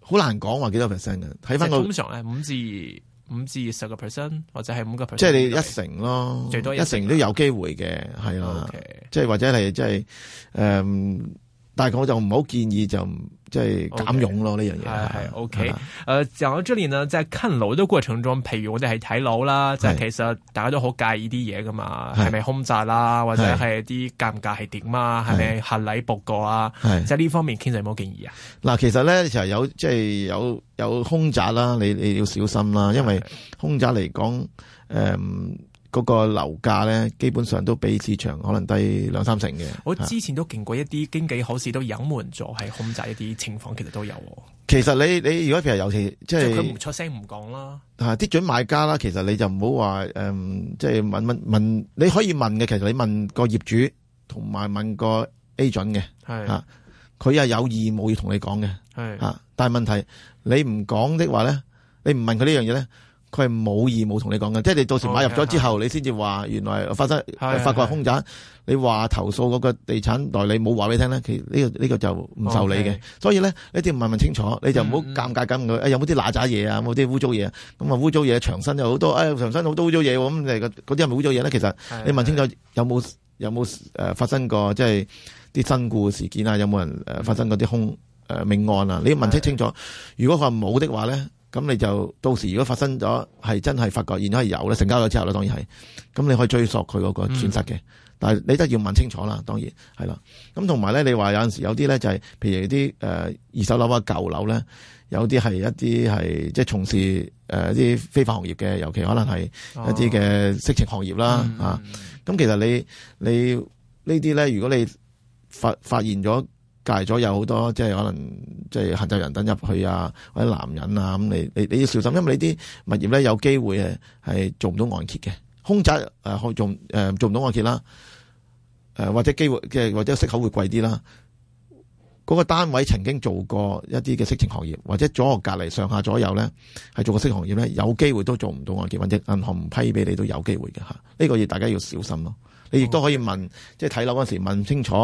好難講話幾多 percent 嘅。睇翻、那個、就是、通常咧，五至五至十個 percent 或者係五個 percent，即係你一成咯，最多一成，一成都有機會嘅，係、啊、啦。即係、okay、或者係即係，誒、嗯。但係我就唔好建議就即係減佣咯呢樣嘢。係、就是、OK。誒、yeah, okay, 啊，講到這裏呢，係睇樓嘅過程中，譬如我哋係睇樓啦，即係其實大家都好介意啲嘢噶嘛，係咪空宅啦、啊，或者係啲間隔係點啊，係咪合理報價啊？即係呢方面，King Sir 有冇建議啊？嗱、啊，其實咧其實有即係、就是、有有凶宅啦，你你要小心啦，因為凶宅嚟講誒。嗯嗰、那個樓價咧，基本上都比市場可能低兩三成嘅。我之前都見過一啲經紀好似都隱瞞咗，係控制一啲情況，其實都有。其實你你如果譬如尤其即係佢唔出聲唔講啦，吓、就、啲、是、準買家啦，其實你就唔好話誒，即、嗯、係、就是、問問問，你可以問嘅。其實你問個業主同埋問個 agent 準嘅，係啊，佢係有義務要同你講嘅，係啊。但係問題你唔講的話咧，你唔問佢呢樣嘢咧。佢係冇義務同你講嘅，即係你到時買入咗之後，哦、okay，你先至話原來發生發覺係凶宅。你話投訴嗰個地產代理冇話俾你聽咧，其、實、呢個呢、呢個就唔受理嘅。哦、okay，所以咧，呢啲唔問問清楚，你就唔好尷尬緊佢、嗯哎。有冇啲乸渣嘢啊？冇啲污糟嘢。咁啊污糟嘢長身又好多。唉，長身好多污糟嘢。咁你嗰啲係咪污糟嘢咧？其實你問清楚有冇有冇誒、呃、發生過即係啲身故事件啊？有冇人誒發生嗰啲兇誒命案啊？你要問清清楚是。如果佢話冇的話咧。咁你就到時如果發生咗係真係發覺，而家係有咧，成交咗之後喇，當然係，咁你可以追溯佢嗰個損失嘅。但係你都要問清楚啦，當然係啦。咁同埋咧，你話有陣時有啲咧就係、是，譬如啲誒、呃、二手樓啊舊樓咧，有啲係一啲係即係從事誒啲、呃、非法行業嘅，尤其可能係一啲嘅色情行業啦、哦、啊。咁、嗯嗯、其實你你呢啲咧，如果你發發現咗。隔籬左有好多即係可能即係行走人等入去啊，或者男人啊咁，你你你要小心，因為你啲物業咧有機會係做唔到按揭嘅。凶宅誒可做誒、呃、做唔、呃、到按揭啦，誒、呃、或者機會嘅或者息口會貴啲啦。嗰、那個單位曾經做過一啲嘅色情行業，或者左隔籬上下左右咧係做過色情行業咧，有機會都做唔到按揭，或者銀行唔批俾你都有機會嘅吓，呢、這個要大家要小心咯。你亦都可以問，即係睇樓嗰時問清楚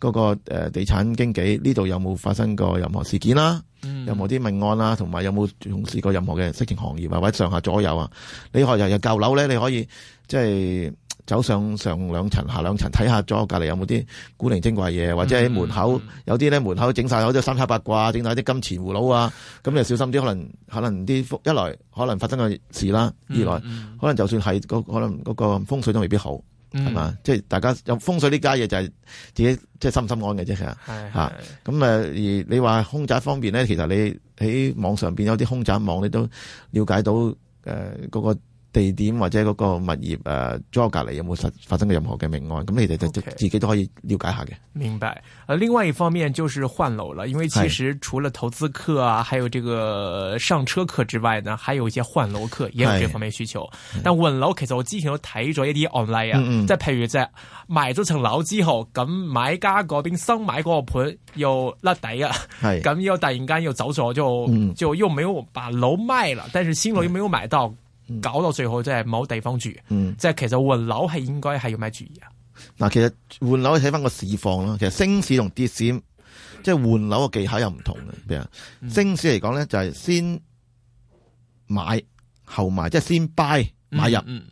嗰個地產經紀呢度有冇發生過任何事件啦、啊，有冇啲命案啦、啊，有有同埋有冇從事過任何嘅色情行業啊，或者上下左右啊。你學日日舊樓咧，你可以即係、就是、走上上兩層、下兩層睇下左隔離有冇啲古靈精怪嘢，或者喺門口、嗯嗯、有啲咧門口整晒好多三叉八卦，整晒啲金錢葫蘆啊，咁你就小心啲，可能可能啲一,一來可能發生嘅事啦，二、嗯、來、嗯、可能就算係、那個、可能嗰個風水都未必好。係嘛？嗯、即係大家有風水呢家嘢，就係自己即係心唔心安嘅啫。係啊係吓咁啊。而你話空宅方面咧，其實你喺網上邊有啲空宅網，你都了解到誒嗰、呃嗰個。地點或者嗰個物業誒，租隔籬有冇發發生過任何嘅命案？咁你哋、okay. 自己都可以了解一下嘅。明白。另外一方面就是換樓了，因為其實除了投資客啊，還有這個上車客之外呢，還有一些換樓客也有這方面需求。但換樓其實我之前都睇咗一啲案例啊，即係譬如即係買咗層樓之後，咁買家嗰邊新買嗰個盤又甩底啊，咁 又突然間又走咗，就、嗯、就又沒有把樓賣了，但是新樓又沒有買到。嗯、搞到最好即係冇地方住，嗯即係其實換樓係應該係要咩注意啊？嗱，其實換樓睇翻個市況啦。其實升市同跌市即係換樓嘅技巧又唔同嘅。譬如、嗯、升市嚟講咧，就係先買後賣即係先 buy 買入、嗯嗯，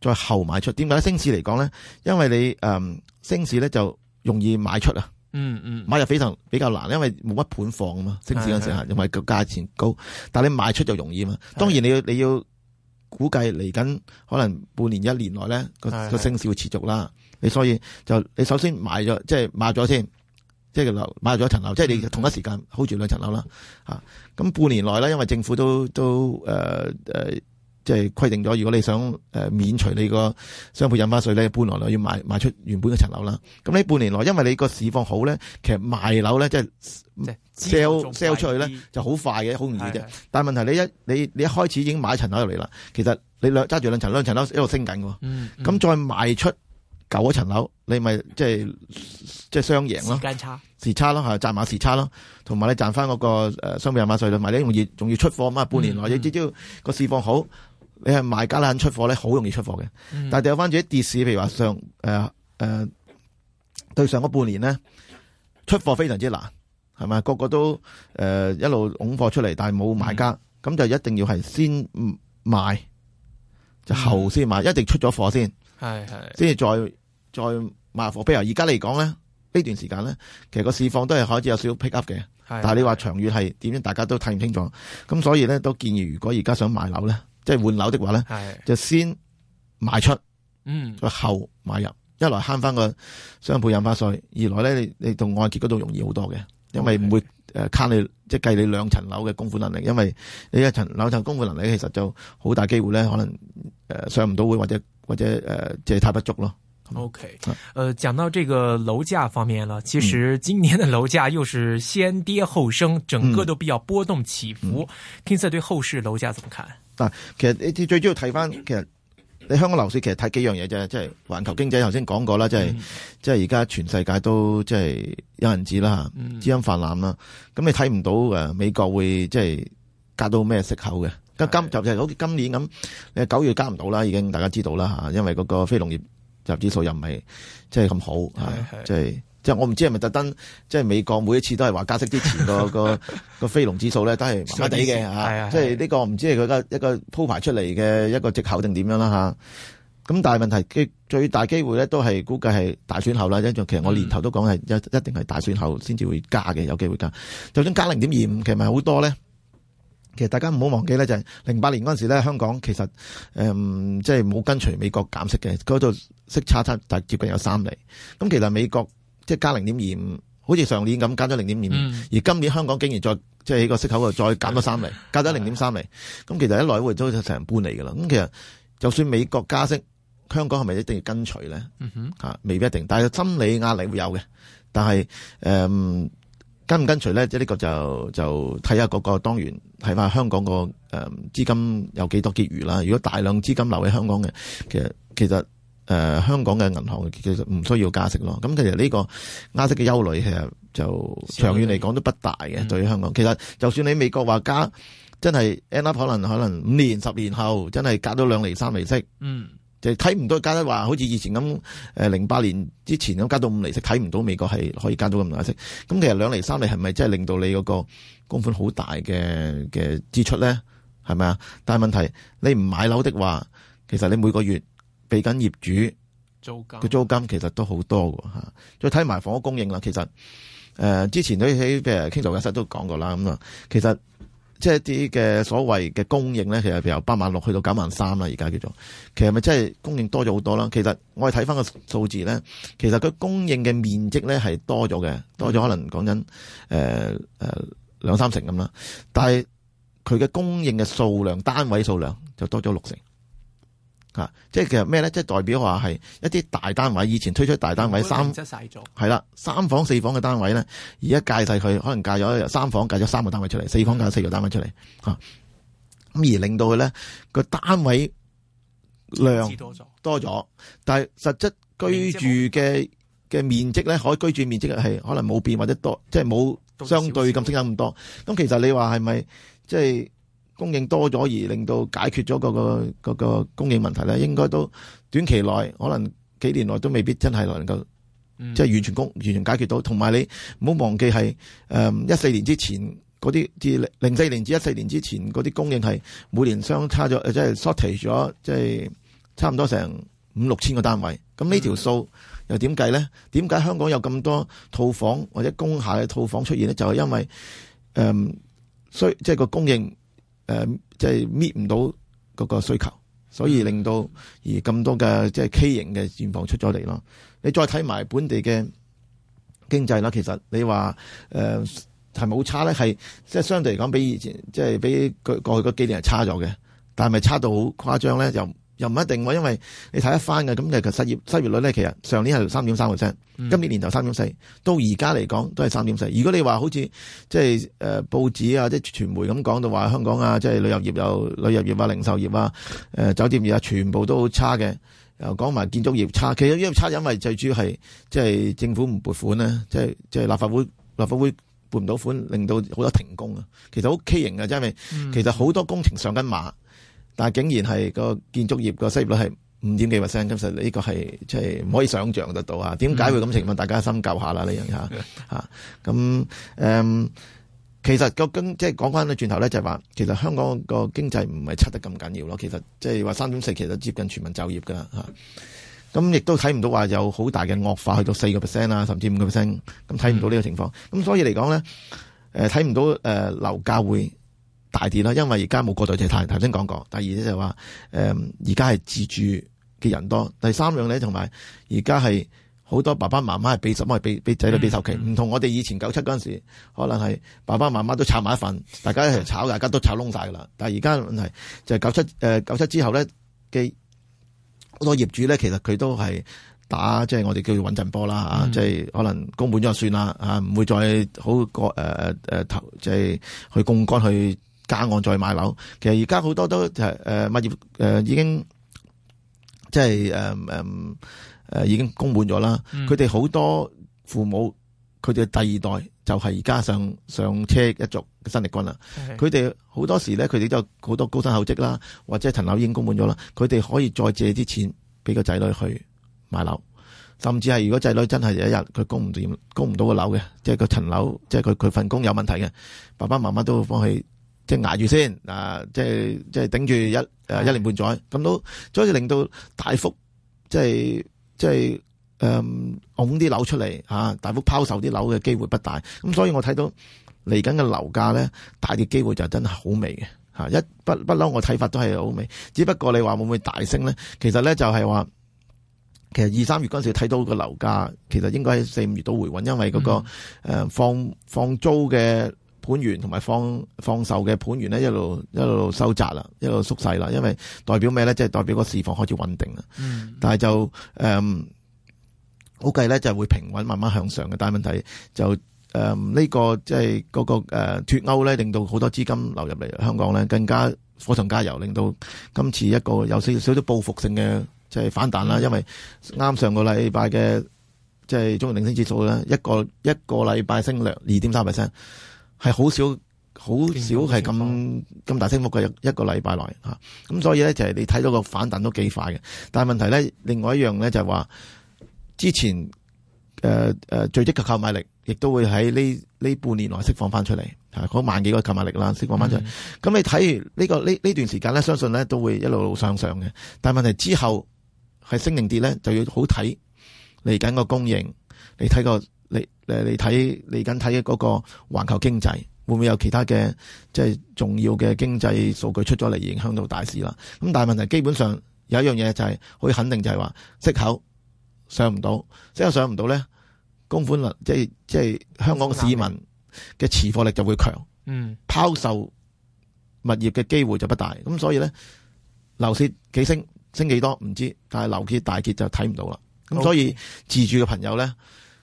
再後賣出。點解升市嚟講咧？因為你誒、嗯、升市咧就容易賣出啊。嗯嗯，買入非常比較難，因為冇乜盤放啊嘛。升市嗰陣時候、嗯，因為個價錢高，嗯、但係你賣出就容易啊。當然你要、嗯、你要。估計嚟緊可能半年一年內咧，個個升市會持續啦，係係係，你所以就你首先買咗，即係買咗先，即係樓買咗層樓，即係你同一時間 hold 住兩層樓啦，嚇、啊！咁半年內咧，因為政府都都誒誒。呃呃即係規定咗，如果你想誒免除你個雙倍印花稅呢，半年內要賣賣，賣出原本嘅層樓啦。咁你半年內，因為你個市況好呢，其實賣樓呢，即係 sell sell 出去呢就好快嘅，好容易啫。但問題你一你你一開始已經買層樓入嚟啦，其實你兩揸住兩層兩層樓一路升緊喎。咁、嗯嗯、再賣出舊嗰層樓，你咪即係即係雙贏囉，時間差時差咯，係賺碼時差囉，同埋你賺翻嗰個誒雙倍印花稅啦。賣得容易，仲要出貨嘛、嗯？半年內、嗯、你朝朝個市況好。你係賣家咧，出貨咧好容易出貨嘅、嗯，但係掉翻轉啲跌市，譬如話上誒誒、呃呃，對上嗰半年咧出貨非常之難，係咪個個都誒、呃、一路拱貨出嚟，但係冇買家，咁、嗯、就一定要係先賣，就後買、嗯、先、嗯、買一定出咗貨先係係，先至再再賣貨。譬如而家嚟講咧呢段時間咧，其實個市況都係開始有少少 pick up 嘅、嗯，但係你話長遠係點樣，大家都睇唔清楚。咁所以咧都建議，如果而家想買樓咧，即係換樓的話咧，嗯、就先賣出，再後買入。一來慳翻個雙倍印花稅，二來咧你你同按揭嗰度容易好多嘅，因為唔會誒卡你即係計你兩層樓嘅供款能力，因為你一層樓層供款能力其實就好大機會咧，可能誒上唔到會或者或者誒、呃、借貸不足咯。OK，呃講到這個樓價方面啦，其實今年的樓價又是先跌後升，嗯、整個都比較波動起伏。嗯嗯、King Sir 對後市樓價怎麼看？嗱、啊，其實你最主要睇翻，其實你香港樓市其實睇幾樣嘢啫，即、就、係、是、環球經濟頭先講過啦，即係即係而家全世界都即係、就是、有人字啦，資、嗯、金泛濫啦，咁你睇唔到誒，美國會即係、就是、加到咩息口嘅？今就好、是、似今年咁，你九月加唔到啦，已經大家知道啦吓，因為嗰個非農業。入指數又唔係即係，咁好，係即係即係我唔知係咪特登，即、就、係、係、美國每一次都係話加息之前個、 個、個個非農指數咧都係麻麻地嘅嚇，即係呢個唔知係佢家一個鋪排出嚟嘅一個藉口定點樣啦嚇。咁、啊、但係問題機最大機會咧都係估計係大選後啦，因為其實我年頭都講係一一定係大選後先至會加嘅，有機會加，就算加零點二五，其實咪好多咧。其實大家唔好忘記咧，就係零八年嗰陣時咧，香港其實誒、嗯、即係冇跟隨美國減息嘅，嗰度息差差就接近有三厘。咁其實美國即係加零點二五，好似上年咁加咗零點二五，而今年香港竟然再即係喺個息口度再減咗三厘，加咗零點三厘。咁其實一來回都就成半厘噶啦。咁其實就算美國加息，香港係咪一定要跟隨咧？嚇、嗯啊，未必一定。但係心理壓力會有嘅。但係誒。嗯跟唔跟隨咧，即係呢個就就睇下個個當年睇下香港個資金有幾多結餘啦。如果大量資金留喺香港嘅，其實其實、呃、香港嘅銀行其實唔需要加息咯。咁其實呢個壓息嘅憂慮其實就長遠嚟講都不大嘅，對於香港、嗯。其實就算你美國話加真係 end up 可能可能五年十年後真係加到兩厘、三厘息，嗯。就睇唔到加得話，好似以前咁，誒零八年之前咁加到五厘息，睇唔到美國係可以加到咁多息。咁其實兩厘、三厘係咪真係令到你嗰個供款好大嘅嘅支出咧？係咪啊？但係問題你唔買樓的話，其實你每個月俾緊業主租金，個租金其實都好多㗎嚇。再睇埋房屋供應啦，其實誒、呃、之前都喺誒傾財產室都講過啦，咁啊，其實即係啲嘅所謂嘅供應咧，如 86, 93，其實由八萬六去到九萬三啦，而家叫做其實咪即係供應多咗好多啦。其實我哋睇翻個數字咧，其實佢供應嘅面積咧係多咗嘅，多咗可能講緊誒誒兩三成咁啦。但係佢嘅供應嘅數量、單位數量就多咗六成。啊！即係其實咩咧？即係代表話係一啲大單位，以前推出大單位三，係啦，三房四房嘅單位咧，而家介細佢，可能界咗三房，界咗三個單位出嚟，四房界咗四個單位出嚟。吓，咁而令到佢咧個單位量，量多咗，多咗。但係實質居住嘅嘅面積咧，可居住面積係可能冇變或者多，即係冇相對咁增長咁多。咁其實你話係咪即係？供應多咗而令到解決咗、那個個、那個供應問題咧，應該都短期內可能幾年內都未必真係能夠、嗯、即係完全供完全解決到。同埋你唔好忘記係誒一四年之前嗰啲至係零四年至一四年之前嗰啲供應係每年相差咗，即係 shortage 咗，即係差唔多成五六千個單位。咁、嗯、呢條數又點計咧？點解香港有咁多套房或者工廈嘅套房出現咧？就係、是、因為誒需、嗯、即係個供應。誒、呃，即係搣唔到個個需求，所以令到而咁多嘅即係畸形嘅現況出咗嚟咯。你再睇埋本地嘅經濟啦，其實你話誒係咪好差咧，係即係相對嚟講比以前即係、就是、比過過去個幾年係差咗嘅，但係咪差到好誇張咧？又？又唔一定喎，因為你睇一翻嘅咁，其實失業失業率咧，其實上年係三點三個 percent，今年年頭三點四，到而家嚟講都係三點四。如果你話好似即係誒報紙啊、即係傳媒咁講到話香港啊，即係旅遊業又旅遊業啊、零售業啊、誒酒店業啊，全部都好差嘅。又講埋建築業差，其實因為差，因為最主要係即係政府唔撥款咧，即係即係立法會立法會撥唔到款，令到好多停工啊。其實好畸形嘅，真係，其實好多工程上緊馬。但係竟然係、那個建築業個失業率係五點幾 percent，實呢個係即係唔可以想象得到啊！點解會咁情況？ 大家深究一下啦，呢樣嘢吓咁，誒，其實、那個經即係講翻轉頭咧，就係、是，話其實香港個經濟唔係差得咁緊要咯。其實即係話三點四，其實接近全民就業噶啦吓。咁、啊、亦、啊、都睇唔到話有好大嘅惡化去到四個 percent 啊，甚至五個 percent。咁睇唔到呢個情況，咁、啊、所以嚟講咧，誒睇唔到誒樓價會。大啲啦，因為而家冇過度借債。頭先講過，第二咧就話，誒，而家係自住嘅人多。第三樣咧，同埋而家係好多爸爸媽媽係俾十蚊，係俾俾仔女俾首期。唔同我哋以前九七嗰陣時，可能係爸爸媽媽都炒埋一份，大家一齊炒，大家都炒窿晒噶啦。但係而家問題就係九七誒九七之後咧嘅好多業主咧，其實佢都係打即係、就是、我哋叫穩陣波啦吓，即、嗯、係、啊就是、可能供滿咗就算啦，唔、啊、會再好過誒誒投即係、就是、去槓桿去。加按再買樓，其實而家好多都誒誒、呃、物業誒、呃、已經即係誒誒誒已經供滿咗啦。佢哋好多父母，佢哋第二代就係而家上上車一族嘅新力軍啦。佢哋好多時咧，佢哋都好多高薪厚職啦，或者層樓已經供滿咗啦。佢哋可以再借啲錢俾個仔女去買樓，甚至係如果仔女真係有一日佢供唔掂、供唔到個樓嘅，即係個層樓，即係佢佢份工有問題嘅，爸爸媽媽都會幫佢。即係捱住先，啊！即係即係頂住一、啊、一年半載咁都，所以令到大幅即係即係誒拱啲樓出嚟、啊、大幅拋售啲樓嘅機會不大。咁所以我睇到嚟緊嘅樓價咧，大跌機會就真係好微嘅。一不不嬲，我睇法都係好微。只不過你話會唔會大升咧？其實咧就係、是、話，其實二三月嗰陣時睇到個樓價，其實應該係四五月度回穩，因為嗰、那個、嗯呃、放放租嘅。盤源同埋放放售嘅盤源咧，一路一路收窄啦，一路縮細啦，因為代表咩咧？即係代表個市況開始穩定啦。嗯，但係就誒，估計咧就係會平穩慢慢向上嘅。但係問題就誒、嗯這個就是那個呃、呢個即係嗰個誒脫歐咧，令到好多資金流入嚟香港咧，更加火上加油，令到今次一個有少少啲報復性嘅即係反彈啦、嗯。因為啱上個禮拜嘅即係中原領先指數咧，一個一個禮拜升量二點三 percent。係好少，好少係咁咁大升幅嘅一個禮拜內嚇，咁所以咧就係你睇到個反彈都幾快嘅。但係問題咧，另外一樣咧就係話，之前誒誒累積嘅購買力，亦都會喺呢呢半年內釋放翻出嚟嚇，嗰萬幾個購買力啦，釋放翻出嚟。咁、嗯、你睇呢、這個呢呢段時間咧，相信咧都會一路向上嘅上。但係問題是之後係升零跌咧，就要好睇嚟緊個供應，你睇個。你，你睇，你緊睇嘅嗰個環球經濟會唔會有其他嘅即係重要嘅經濟數據出咗嚟，影響到大市啦。咁但係問題基本上有一樣嘢就係、係、可以肯定就，就係話息口上唔到，息口上唔到咧，供款力即係即係香港市民嘅持貨力就會強，嗯，拋售物業嘅機會就不大。咁所以咧，樓市幾升升幾多唔知，但係樓市大跌就睇唔到啦。咁所以自住嘅朋友咧。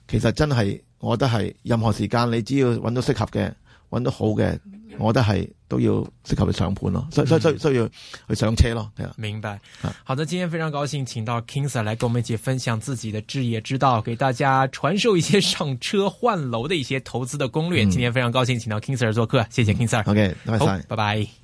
其實真係，我覺得係任何時間，你只要搵到適合嘅，搵到好嘅，我覺得係都要適合去上盤咯，所以所以需要，需要去上車咯。明白，好的，今天非常高興請到 King Sir 來跟我們一起分享自己的置業之道，給大家傳授一些上車換樓的一些投資的攻略。嗯，今天非常高興請到 King Sir 做客，謝謝 King Sir。OK，拜拜。